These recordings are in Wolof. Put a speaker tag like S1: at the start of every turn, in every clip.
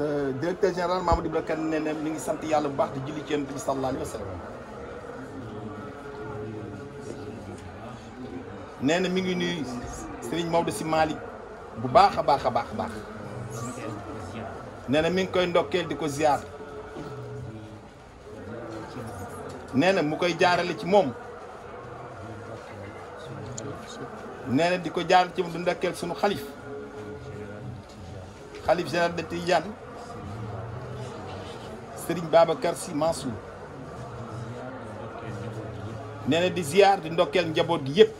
S1: sa euh, directeur général Mamadou Ibra Kane nee na mi ngi sant yàlla bu baax di julli ci yonent bi sallallahu alayhi wa sallam nee na mi ngi nuyu Serigne Maodo bu baax a baax a baax a baax nee na mi ngi koy ndokkeel di ko ziar nee na mu koy jaarale ci moom nee na di ko jaaral ci moom du ndokkeel sunu xalif xalif général de Tidiane sering Babacar si mansou nee di ziar di ndokel njabot gi yep,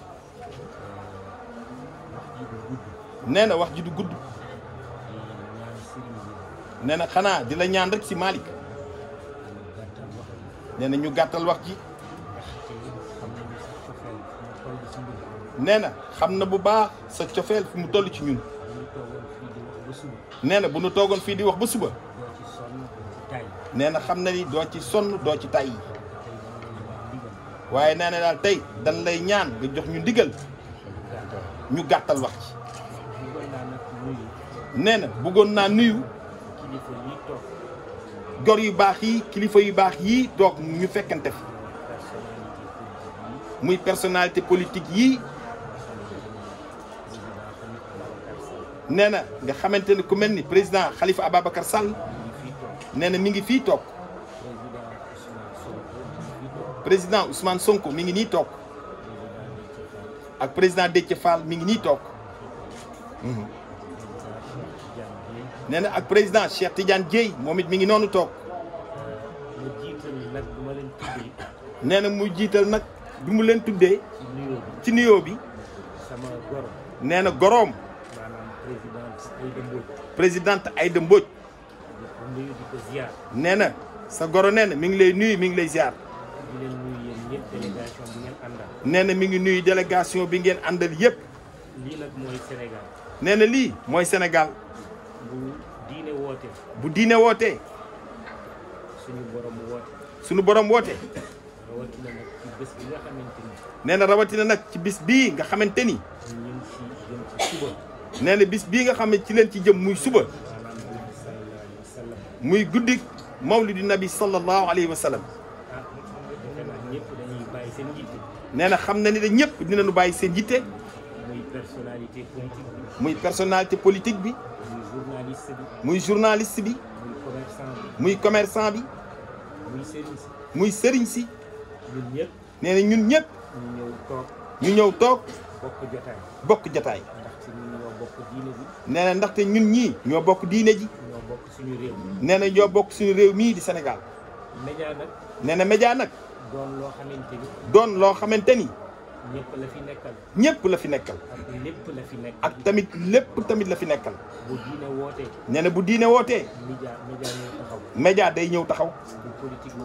S1: nenek wax ji du gudd nee xana di la ñaan rek si malik nee ñu gattal wax ji nee xamna bu baax sa tiofel fu mu tollu ci ñun bu nu togon fi di wax ba suba Nous xamna ni do ci son do ci tay waye nena dal tay dañ lay ñaan bu jox ñu diggal ñu que wax ci nee na nuyu gor yu Nous yi kilifa yu bax yi ñu muy personnalité politique yi nena nga xamanteni ku président Khalifa ababakar Sall nee na mi ngi fii toog président Ousmane Sonko mi ngi nii toog ak président Déthié Fall mi ngi nii toog mhm. nee na ak président Cheikh Tidiane Dièye moom it mi ngi noonu toog nee na mu jiital nag du mu leen tuddee ci nuyoo bi nee na goroom président Aïda Mbodj nuyu di ziar. nee sa goro nee na mi ngi lay nuyu mi ngi lay ziar.
S2: di leen nuyu yéen ñëpp délégation bi ngeen àndal.
S1: nee na mi ngi nuyu délégation bi ngeen àndal yëpp.
S2: lii nag mooy Sénégal.
S1: nee li lii mooy Sénégal.
S2: bu diine woote. bu diine woote. suñu borom woote.
S1: suñu borom woote.
S2: rawatina nag ci bés bi nga xamante ni.
S1: nee na rawatina nag ci bis bii nga xamante ni. bis bii nga xam ci leen ci jëm muy suba. muy guddik mawlidu nabi sallallahu alayhi wa sallam na xam na ni da ñëpp dinañu bàyyi seen yitte. muy personnalité politique bi. muy personnalité bi. muy journaliste bi. muy commerçant bi. muy sëriñ si. muy sëriñ si. ñun ñëpp. ñu ñëw toog.
S2: ñu bokk jotaay. bokk
S1: ndaxte ñun ñii. ñoo bokk diine ji.
S2: suñu nee
S1: na ñoo bokk suñu réew mii di Sénégal. média nee na média nag.
S2: doon loo xamante ni.
S1: doon loo xamante ni.
S2: ñëpp la fi nekkal.
S1: ñëpp la fi nekkal. ak lépp la fi nekkal. ak tamit lépp tamit la fi nekkal. bu
S2: diine wootee.
S1: nee na bu diine wootee. média média day ñëw taxaw. bu politique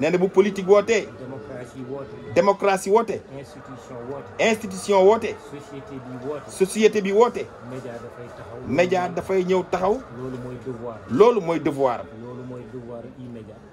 S1: nee na bu politique wootee.
S2: démocratie wootee. démocratie wootee. institution wootee.
S1: institution wootee.
S2: société bi wootee. société bi wootee. média dafay
S1: dafay ñëw taxaw.
S2: loolu mooy devoir. loolu mooy devoir. loolu mooy devoir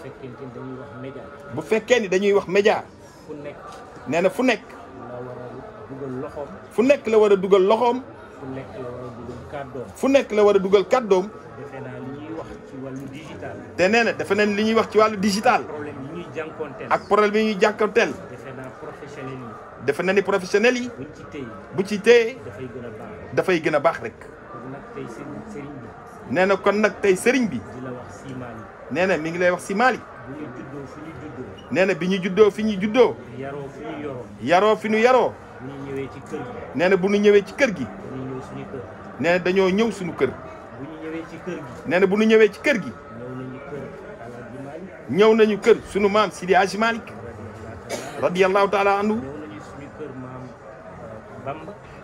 S2: fekkente ni dañuy wax média. bu
S1: fekkee ni dañuy wax média. fu nekk nee na fu nekk.
S2: la war a dugal loxoom.
S1: fu nekk la war a dugal loxoom. fu nekk la fu nekk la war a dugal kàddoom.
S2: defe naa wax ci wàllu digital.
S1: te nee na defe nañ li ñuy wax ci wàllu digital.
S2: problème yi ak problème
S1: yi ñuy jànkonteel.
S2: defe naa professionnels
S1: yi. na ni professionnels yi. buñ bu ci téye. dafay gën a baax rek
S2: dafay gën a baax rek. nag
S1: nee na kon nag tey sëriñ bi nee na mi ngi lay wax si Mali nee na bi ñu juddoo fi ñu juddoo yaroo fi ñu yaroo nee na bu ñu ñëwee ci kër gi nee dañoo ñëw suñu kër nee na bu ñu ñëwee ci kër gi ñëw nañu kër sunu maam Sidi Hadji Malick radiyallahu taala anhu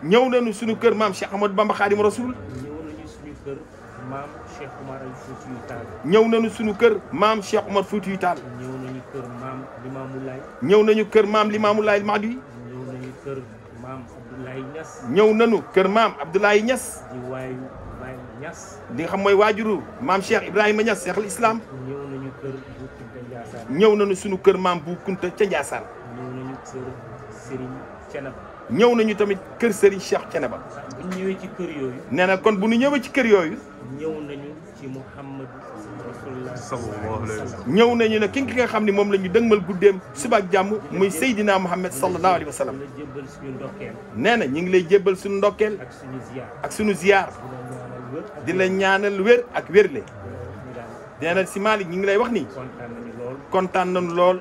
S1: ñëw nañu suñu kër maam euh, Cheikh Ahmadou Bamba Khadim maam ñëw nañu suñu kër maam Cheikh Omar Foutiyou Tall.
S2: ñëw nañu kër maam Limamou Laye.
S1: ñëw nañu kër ñëw nañu
S2: kër maam Abdoulaye Niass.
S1: ñëw nañu kër maam Abdoulaye xam mooy waajuru maam Cheikh Ibrahima Niass Cheikh al ñëw nañu bu Kunta suñu kër maam bu Kunta ca Ndiassane. ñëw nañu tamit kër Serigne Cheikh Thiénaba.
S2: ba ñu yooyu.
S1: nee na kon bu ñu ñëwee ci kër yooyu.
S2: ñëw nañu ci Muhammad sallallahu alayhi wa
S1: ñëw nañu ne ki nga xam ne moom la ñu dëgmal guddeem suba ak jàmm muy Seydina Muhammad sallallahu alayhi wa sallam. nee na ñu ngi lay jébbal suñu ndokkeel. ak suñu ziar ak suñu ziar. di la ñaanal wér ak wérle. nee na si Malick ñu ngi lay wax nii kontaan nañu lool.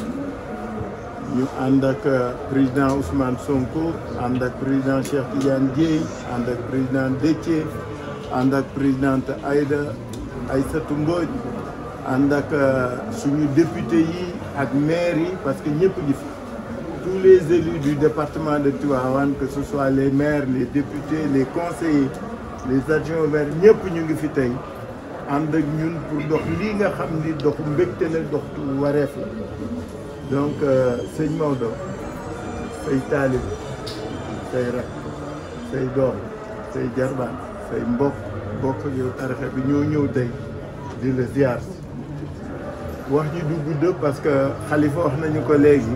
S3: Nous avons le président Ousmane Sonko le président Cheikh Tidiane le président Détié, le président Aïda Aïssa les députés ak euh, suñu député yi parce que nous tous les élus du département de Tivaouane que ce soit les maires les députés les conseillers les adjoints ouverts, maire ñëpp ñu ngi fi Nous ànd ak ñun pour dox faire nga choses donc euh, sëñ Maodo say taalib say rak say doom say jarbaan say mbokk mbokk yow tarixa bi ñoo ñëw tey di la wax ji du gudd parce que xalifa wax nañu ko léegi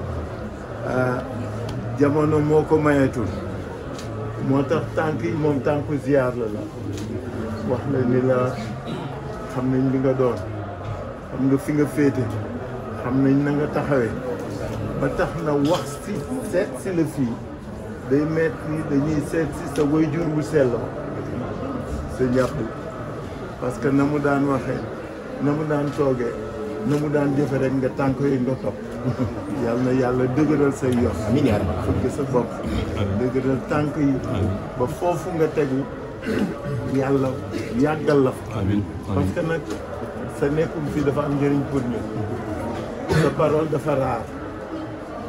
S3: euh, jamono moo ko mayetul moo tax tànk yi moom tànku ziar la la wax na ni la xam nañ li nga doon xam nga fi nga féete xam nañ na nga taxawee ba tax na wax si seet si la fii day metti ni dañuy seet si sa waajur bu sell sa njàpp parce que na mu daan waxee na mu daan toogee na mu daan jëfe rek nga tànk yi nga topp yàlla na yàlla dëgëral say yox fëgg sa bopp tànk yi ba foofu nga tegu yàlla yàggal la fa parce que nag sa nekkum fii dafa am njëriñ pour ñu sa parole dafa raar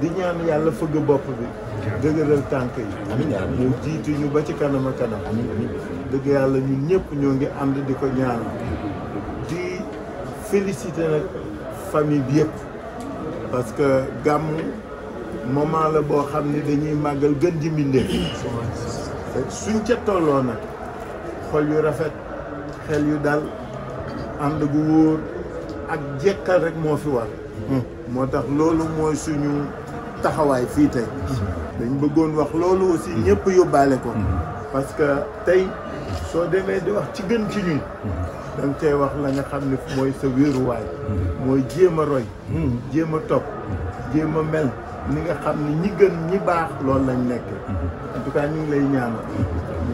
S3: di ñaan yàlla fëgg bopp bi dëgëral tànk yi mu jiitu ñu ba ci kanam a kanam dëgg yàlla ñun ñëpp ñoo ngi ànd di ko ñaan di félicité nag famille bi yëpp parce que gàmm moment la boo xam ne dañuy màggal gën ji mbindéef suñ ca tolloo na xool yu rafet xel yu dal ànd gu wóor ak jekkal rek moo fi war hmm. moo tax loolu mooy suñu taxawaay fii tey dañ bëggoon wax loolu aussi mm-hmm. ñëpp yóbbaale ko mm-hmm. parce que tey soo demee di wax ci gën ci ñun mm-hmm. da nga cay wax la nga xam ne mooy sa wéeruwaay mooy jéem a roy jéem a topp jéem a mel ni nga xam ni ñi gën ñi baax loolu lañ nekk en ñu ngi lay ñaan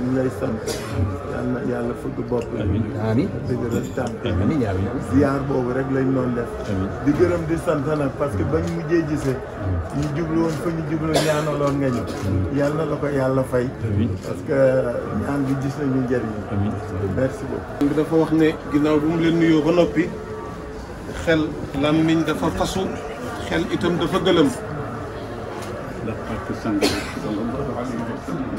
S3: ñu lay sant yàlla yàlla fëgg bopp amiin amiin dëgëral boobu rek lañ doon def di gërëm di sant nag parce que bañ mujjee gisee ñu jublu fa ñu jublu ñaanaloon nga ñu yàlla la ko yàlla fay parce que ñaan bi gis nañu njëriñ merci beaucoup
S4: dafa wax ne ginnaaw bu mu leen nuyoo ba noppi xel làmmiñ dafa fasu xel itam dafa gëlëm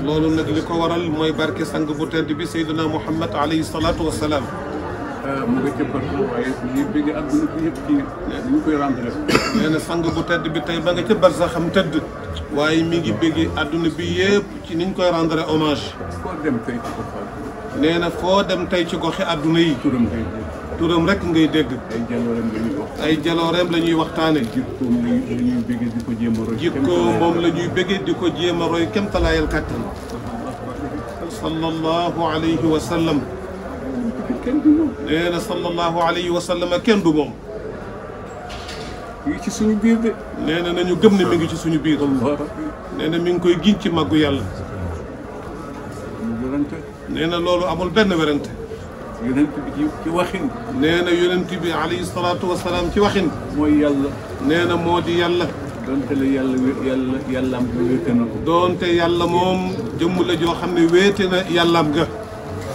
S4: لولو نك ليكو وارال موي باركي سانغ بو تيرتي بي سيدنا محمد عليه الصلاه والسلام موغي turam rek ngay dégg. ay jalooreem la ñuy wax. ay jalooreem la ñuy waxtaane. jikkoom la ñuy bëggee di ko jéem a roy. jikkoom moom la ñuy bëggee di ko jéem a roy kem talaayal kàttan. sallallahu alayhi wa sallam. kenn du moom. nee na sallallahu alayhi wa sallam kenn du moom. mi ngi ci suñu biir de. nee na nañu gëm ne mi ngi ci suñu biir. nee na mi ngi koy giñ ci màggu yàlla. nee na loolu amul benn werante. yonent bi ci ci waxin. nee na yonent bi alayhi salaatu wa salaam ci waxin. mooy yàlla. nee na moo di yàlla. donte la yàlla yàlla yàllaam ga wéete na ko. donte yàlla moom jëmm la joo xam ne wéete na yàllaam ga.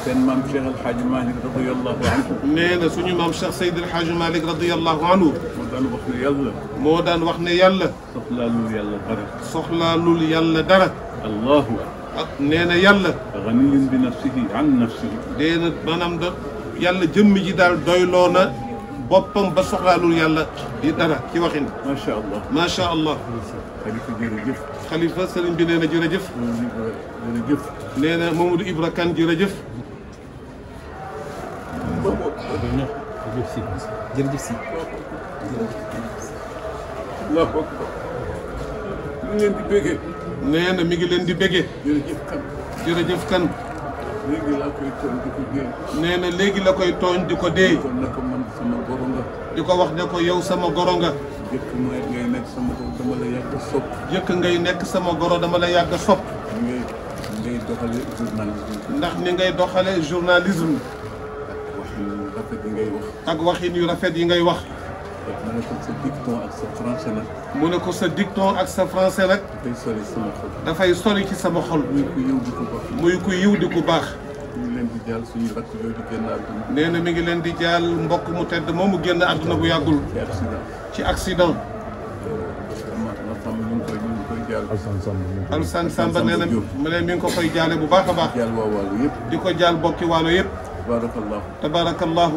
S4: seen maam Cheikh El Hadj Malick radiyallahu anhu. nee na suñu maam Cheikh Seydi El Hadj Malick radiyallahu anhu. moo daan wax ne yàlla. moo daan wax ne yàlla. soxlaalul yàlla dara. soxlaalul yàlla dara. allahu akbar. ak nee na yàlla ganiyin bi nafsihi an nafsihi dee na maanaam da yàlla jëmm ji daal doyloo na boppam ba soxlaalul yàlla di dara ci waxin macha allah macha allah xalifa jërëjëf xalifa sëriñ bi nee na jërëjëf jërëjëf nee na Mamadou Ibra Kane jërëjëf jërëjëf si jërëjëf si jërëjëf si waaw ñu leen nee na mi ngi leen di béggee. jërëjëf kan. jërëjëf kan. léegi laa koy tooñ di ko dee. nee na léegi la koy tooñ di ko dee. di ko wax ne ko yow sama goro nga. jëkk ngay nekk sama goro dama la yàgg sopp. jëkk ngay nekk sama goro dama la yàgg a sopp. ngay doxale journalisme. ndax ni ngay doxale journalisme. ak waxin ak waxin yu rafet yi ngay wax. mu ne ko sa dicton ak sa français nag. dafay sori sama xol. dafay sori ci sama xol. muy ku yiw di ku baax. muy ku yiw di ku baax. mi ngi leen di jaal suñu rakk yooyu di génn àdduna. nee na mi ngi leen di jaal mbokk mu tedd moom mu génn àdduna bu yàggul. ci accident. ci accident. Alassane Samba nee na mu ne mi ngi ko koy jaale bu baax a baax. jaal waa waalo yëpp. di ko jaal bokki waalo yëpp. tabaarakallahu tabaarakallahu.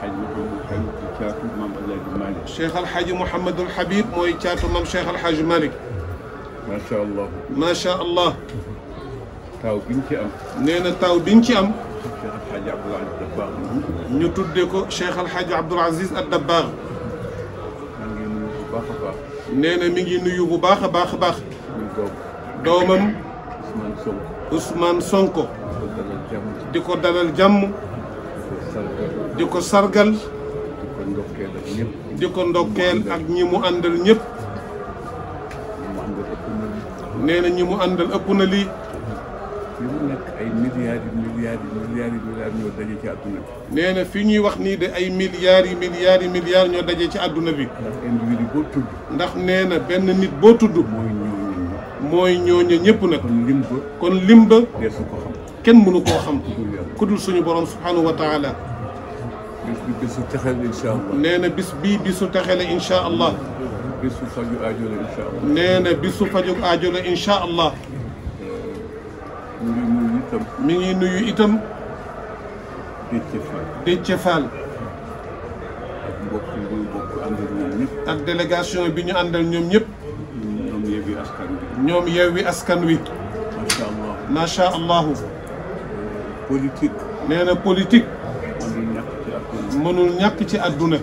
S4: xaj Mouhamadou caatu maam El Hadj Malick. Cheikh Al Hadj Mouhamadul Habib mooy caatu maam Cheikh Al Hadj Malick. macha allah. macha allah. taaw biñ ci am. nee na taaw biñ ci am. Cheikh Al Hadj Abdoul Aziz Dabakh. ñu tuddee ko Cheikh Al Hadj Abdoul Aziz Dabakh. nee na mi ngi nuyu bu baax a baax a baax. doomam. Ousmane Sonko. Ousmane Sonko. di ko dalal jàmm. diko sargal diko ndokel ak ñimu àndal ñep neena ñimu àndal ëpp na lii fi mu nekk ay milliards yi milliards yi milliards yi milliards ñoo daje ci àdduna bi. nee fi ñuy wax nii de ay milliards yi milliards yi milliards ñoo daje ci àdduna bi. individu boo tudd. ndax nee benn nit boo tudd. mooy ñooñu ñëpp. mooy ñëpp nag. kon kon lim kenn mënu koo xam. ku suñu borom subhanahu wa taala. bisu taxe la bis bi bisu taxe la incha allah. bisu faju ajo la incha allah. bisu faju aajo la mi ngi nuyu itam. mi ngi ak mbokk ñu bokk ñoom ñëpp. ak bi ñu àndal ñoom ñëpp. ñoom Yewwi Askan Wi. ñoom Yewwi Askan Wi. macha allah mënul ñàkk ci àdduna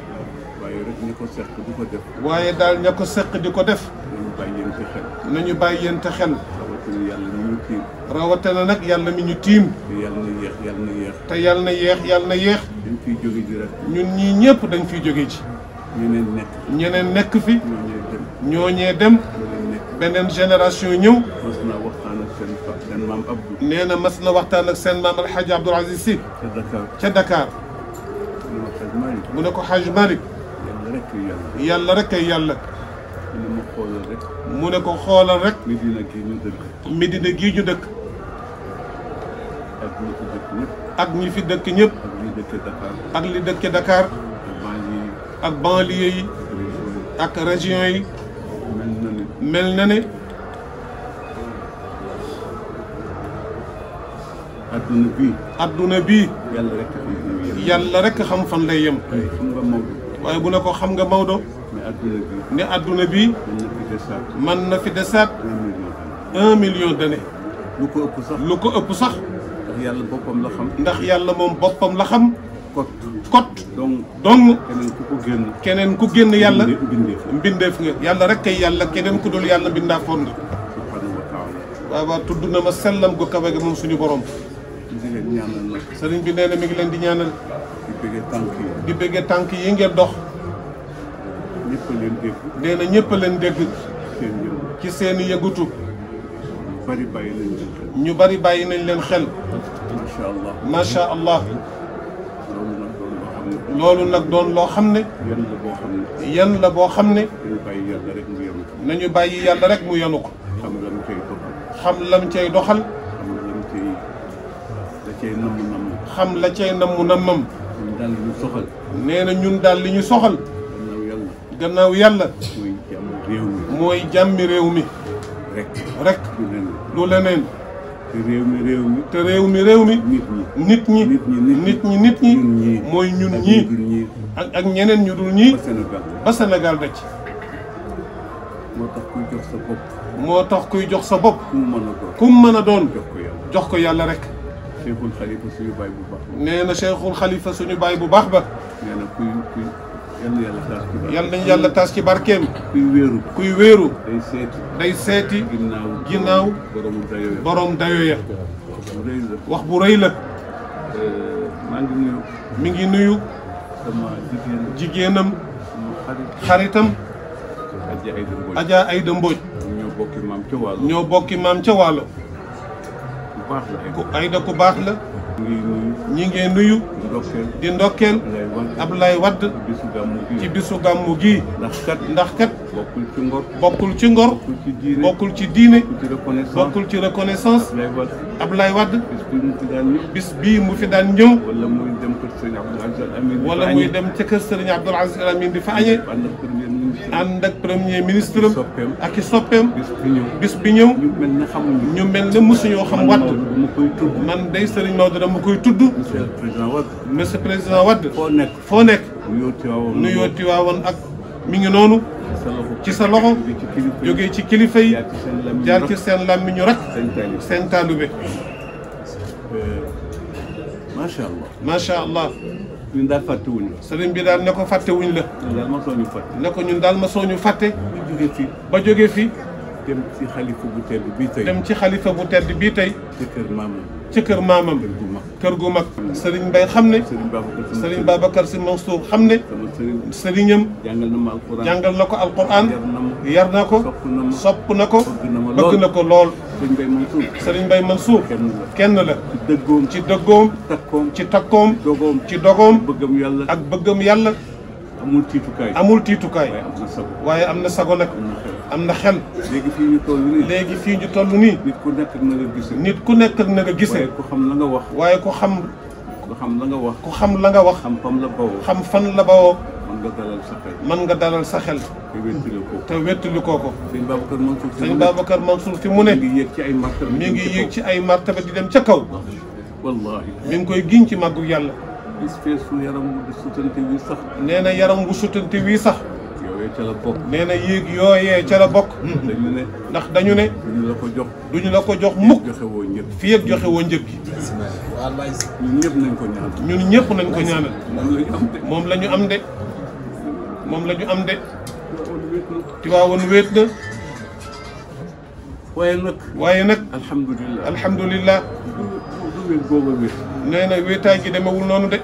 S4: waaye rek ña ko seq di ko def waaye daal ña ko seq di ko def nañu bàyyi yéen te xel nañu bàyyi yéen te xel rawatina yàlla mi ñu tiim rawatina nag yàlla mi ñu tiim te yàlla na yéex yàlla na yéex te yàlla na yéex yàlla na yéex dañ fiy jóge ji rek ñun ñii ñëpp dañ fiy jóge ji ñeneen nekk ñeneen nekk fi ñooñee dem beneen génération ñëw nee na mas na waxtaan ak seen maam Alxaaji Abdoul Aziz Sy ca Dakar منكو حاج مالك يلا رك يلا يلا منكو خال رك مدينة جيجو دك أجمي في دك نيب أجلي دك دكار أك بانلي أي أك رجيون أي ملناني أدونا بي أدونا بي يلا رك yàlla rek xam fan lay waaye bu ne ko xam nga Maodo. ne adduna bi man na fi desaat un million d'années lu ko ëpp sax lu ko ndax yàlla moom boppam la xam. kot kot. keneen ku ko génn. keneen ku génn yàlla. mbindeef nga yàlla rek kay yàlla keneen ku dul yàlla mbindaafoon nga. waaw tudd na ma sellam gu kawe gi moom suñu borom. ñaanal ma. sëriñ bi nee na mi ngi leen di ñaanal. di bëggee tànk yi. ngeen dox. ñëpp dégg. na ñëpp leen dégg. ci seen yëgutu. bari bàyyi nañ leen ñu bari bàyyi nañ leen xel. macha allah loolu nag doon loo xam ne. yan la boo xam ne. yan la boo xam ne. nañu bàyyi yàlla rek mu yenu ko. nañu bàyyi yàlla mu yenu ko. cay doxal. cay namm namm. xam la cay namm nammam. ñun daal li ñu soxal. nee ñun daal li ñu soxal. gannaaw yàlla. gannaaw yàlla. mooy mi. rek rek. du leneen. te réew mi réew mi. te réew mi réew mi. nit ñi nit ñi nit ñi nit ñi. mooy ñun ñii ak ak ñeneen ñu dul ñii. ba Sénégal daj. moo kuy jox sa bopp. moo kuy jox sa bopp. ku mu doon jox ko yàlla rek. مشايخ الخليفه سوني باي بو باخ نينا مشايخ الخليفه سوني باي بو باخ با نينا كوي كوي يالنا يالا تاسكي يالنا يالا تاسكي باركيم كوي ويرو كوي ويرو داي سيتي داي سيتي غيناو غيناو بروم دايو بروم دايو يا واخ بو ريلا ماغي نيو ميغي نيو سما جيجينم خريتم اجا ايدم بوج ño bokki mam ci walu ño bokki mam ci walu baax la. Aïda ku baax la. ñi ngee nuyu. di ndokkeel. Abdoulaye Wade ci bisu gàmmu gi. ndax kat ndax kat. bokkul ci ngor. bokkul ci ngor. bokkul ci diine. bokkul ci reconnaissance. Abdoulaye wadd bis bii mu fi daan ñëw. wala muy dem ca kër Serigne Abdoul Aziz Al Amine di fa añee. ànd ak premier ministre ak i soppeem bis bi ñëw ñu mel ne mosuñoo xam watt man day sëriñ Maodo dama koy tudd monsieur président Wade foo nekk nu yooti waawoon ak mi ngi noonu ci sa loxo jóge ci kilifa yi jaar ci seen làmmiñu rek seen taalube euh, macha allah macha allah ñun daal fàtte wuñ sëriñ bi daal ne ko fàtte wuñ la. ñun daal ma ñu ne ko ñun daal ma soo ñu fàtte. ba jógee fii ba jógee fii. dem ci xalifa bu tedd bii tey. ci xalifa bu tedd bii tey. ci kër maamam. ci kër gu mag kër gu mag. sëriñ Mbaye xam ne. sëriñ Babacar Sy Mansour xam ne. sëriñam. jàngal na ma alquran jàngal ko alquran. yar na ko sopp na ko bëgg na ko lool. sëriñ Bay Mansour. sëriñ kenn la kenn ci dëggoom ci dëggoom. takkoom ci takkoom. dogoom ci dogoom. bëggam yàlla ak bëggam yàlla. amul tiitukaay amul tiitukaay. waaye am na sago nag. am na xel. léegi fii ñu toll nii. léegi fii ñu toll nii. nit ku nekk ak na nga gisee. nit ku nekk ak na nga gisee. waaye ku xam la nga wax. waaye ku xam. xam la nga wax. ku xam la nga wax. xam la bawoo. xam man nga dalal sa xel. man nga dalal sa xel. te wettali ko te wettali koo ko. sëñ Babacar Mansour fi mu ne sëñ Babacar Mansour fi mu ne. mi ngi yéeg ci ay martaba mi ngi yéeg ci ay martaba di dem ca kaw. wallaahi mi ngi koy giñ ci màggu yàlla. bis feesu yaram bu sutante wii sax. nee na yaram bu sutante wii sax. yooyee ca la bokk. nee na yéeg yooyee ca la bokk. dañu ne ndax dañu ne. duñu la ko jox duñu la ko jox mukk. joxe woo njëg fii ak joxe woo njëg gi. ñun ñëpp nañ ko ñaanal. ñun ñëpp nañ ko ñaanal. moom la ñu am de. moom la ñu am de. moom la ñu am de. Tiwaawoon wéet na. waaye nag. waaye nag. alhamdulilah alhamdulilah. du wéet googu wéet. nee na wéetaay gi demewul noonu de.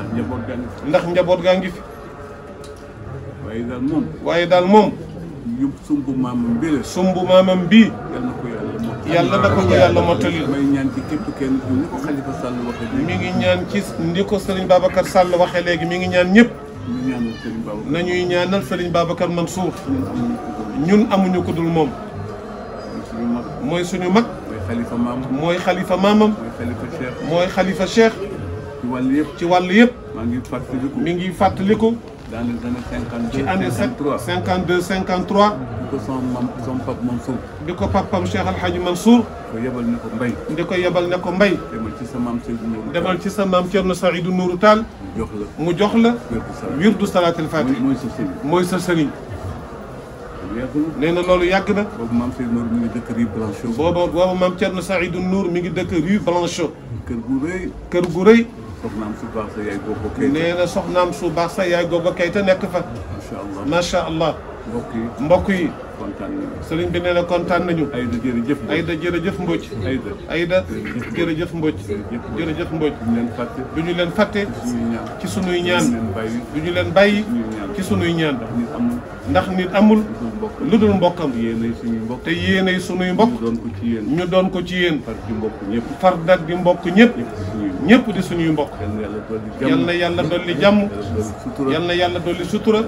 S4: ndax njaboot gaa ngi fi. ndax njaboot gaa ngi fi. waaye daal moom. waaye daal moom. yëpp sumbu maamam bii la. sumbu maamam bii. yàlla na ko yàlla mottali yàlla na ko yàlla mottali. ci képp kenn ni ko Khalifa Sall waxee léegi. mi ngi ñaan ci ni ko Serigne Babacar Sall waxee léegi mi ngi ñaan ñëpp. nañuy ñaanal Serigne Babacar Mansour. ñun amuñu ko dul moom. mooy suñu mag. mooy xalifa maamam. mooy xalifa maamam. mooy xalifa cheikh. mooy xalifa cheikh. ci wàll yëpp. ci wàll yëpp. maa ngi fàttaliku mi ngi fàttaliku. dans les années 52 52 53 di ko sama mam sama pap Mansour di ko papam Cheikh Al Hadj Mansour ko yebal ne ko mbay di ko yebal ne ko mbay demal ci sa maam Seydou Nourou demal ci sa maam Thierno Saïdou Nourou Tall mu jox la mu jox la wirdu salaatil fatih mooy sa sëriñ mooy sa sëriñ nee na loolu yàgg na boobu maam Seydou Nour mi ngi dëkk rue Blanchot boobu boobu maam Thierno Saïdou Nour mi ngi dëkk rue Blanchot kër gu rëy kër gu rëy soxnaam su baax sa yaay Gogo Keita soxnaam su baax sa yaay Gogo Keita nekk fa. macha allah macha mbokk yi mbokk yi. kontaan nañu sëriñ bi nee na kontaan nañu. Aïda jërëjëf Mbodj Aïda jërëjëf Mbodj. Aïda Aïda jërëjëf Mbodj. jërëjëf Mbodj. du ñu leen fàtte. du ñu leen fàtte. ci sunuy ñaan ci sunuy ñaan. du ñu leen bàyyi. ci sunuy ñaan. ndax nit amul. lu dul mbokkam yéenay suñuy mbokk te yéenay suñuy mbokk ñu doon ko ci yéen ñu doon far di mbokk ñëpp far dat di mbokk ñëpp ñëpp di suñuy mbokk yal na yàlla dolli jàmm yal na yàlla dolli sutura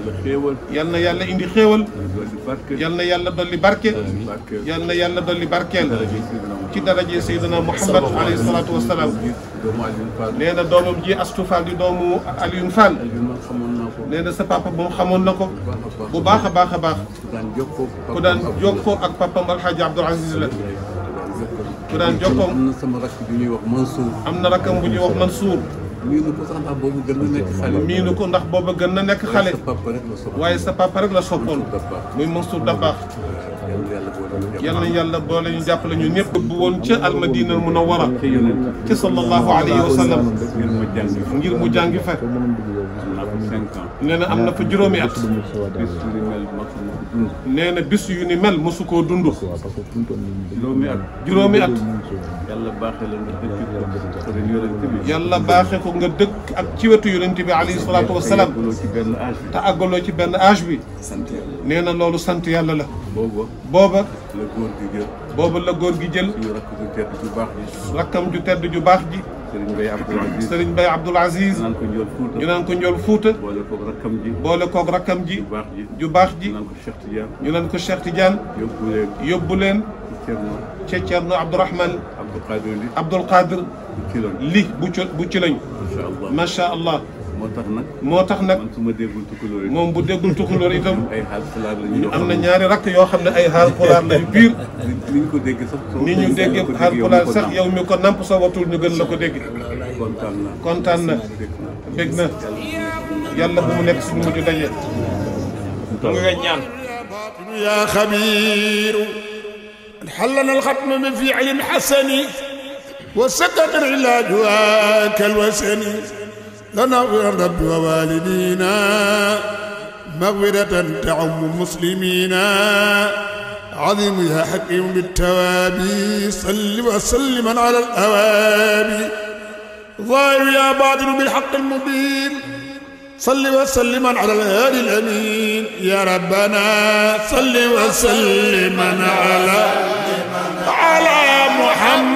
S4: yal na yàlla indi xéewal yal na yàlla dolli barke yal na yàlla dolli barkeel ci daraje Seydina Muhammad alayhi salaatu wa salaam nee na doomam ji Astou Fall di doomu Alioune Fall nee na sa papa moom xamoon na ko bu baax a baax a baax ku daan jokkoo ak papam alxaaji Abdoul Aziz la ku daan jokkoo am na sama rakk bu ñuy wax Mansour am na rakkam bu ñuy wax Mansour miinu ko sax ndax boobu gën na nekk xale miinu ko ndax boobu gën na nekk xale waaye sa papa rek la soppoon muy Mansour Dabakh
S2: yal na yàlla boole
S4: ñu jàppale ñu ñëpp bu woon ca almadina munawwara ci sallallahu alayhi wa sallam ngir mu jàngi fa nee na am na fa juróomi at. nee na bis yu ni mel mosu koo dund. juróomi at juróomi at. yàlla baaxee la nga dëkk ak yonent bi. yàlla baaxee ko nga dëkk ak ci wetu yonent bi alayhi salaatu wa salaam. te àggaloo ci benn âge bi. nee na loolu sant yàlla la. booba. la góor gi jël. booba la góor gi jël. rakkam ju tedd ju baax ji. سرين باي عبد العزيز ينان كو نيول فوتا بوله كوك ركام جي جو باخ جي ينان كو شيخ تيال يوبولين تيتيرنا عبد الرحمن عبد القادر عبد القادر لي بوتشو بوتشلاني ما شاء الله ما شاء الله moo tax nag moo tax nag man su ma déggul tukulóor moom bu déggul tukulóor itam ay xaal pulaar lañu am na ñaari rakk yoo xam ne ay xaal pulaar lañu biir ni ñu ko dégg sax ni ñu dégg xaal pulaar sax yow mi ko namp soo watul ñu gën la ko dégg kontaan na kontaan na bég na yàlla bu mu nekk suñu mujj daje mu nga ñaan yaa xabiiru xallana alxatma bi fiilin xasani wa sakata ilaaj waaka alwasani لنا رب ووالدينا مغفرة تعم مسلمينا عظيم يا حكيم بالتوابي صل وسلم على الأوابي ظاهر
S1: يا باطن بالحق المبين صل وسلم على الهادي الأمين يا ربنا صل وسلم على
S4: على محمد